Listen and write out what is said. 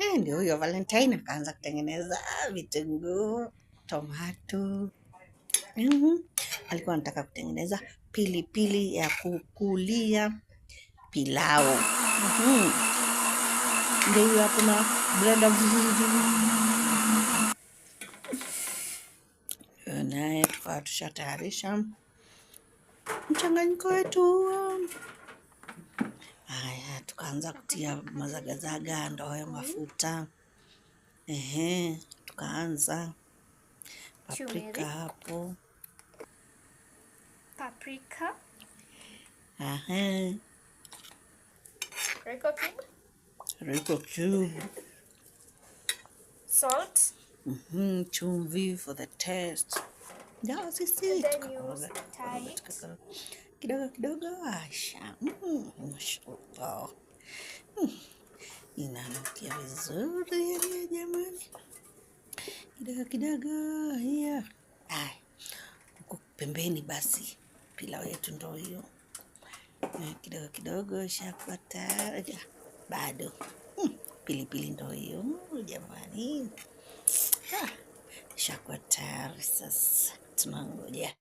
eh, ndio huyo Valentine akaanza kutengeneza vitunguu, tomato mm-hmm. Alikuwa anataka kutengeneza pilipili pili ya kukulia pilau mm-hmm. Ndio huyo hapo na blender naye tukawa tushatayarisha mchanganyiko wetu. Haya tukaanza kutia mazagazaga ndo hayo mafuta ehe, tukaanza paprika hapo, paprika ehe, Royco cube, Royco cube, salt mhm, chumvi for the taste ndio sisi kidogo kidogo, asha mm, Hmm. Inanukia vizuri ya jamani, kidaga kidaga hiya. Haya, huko pembeni basi pilau yetu ndo hiyo eh, kidogo kidogo shakuwa tayari, bado hmm, pilipili ndo hiyo hmm, jamani, shakuwa tayari. Sasa tunangoja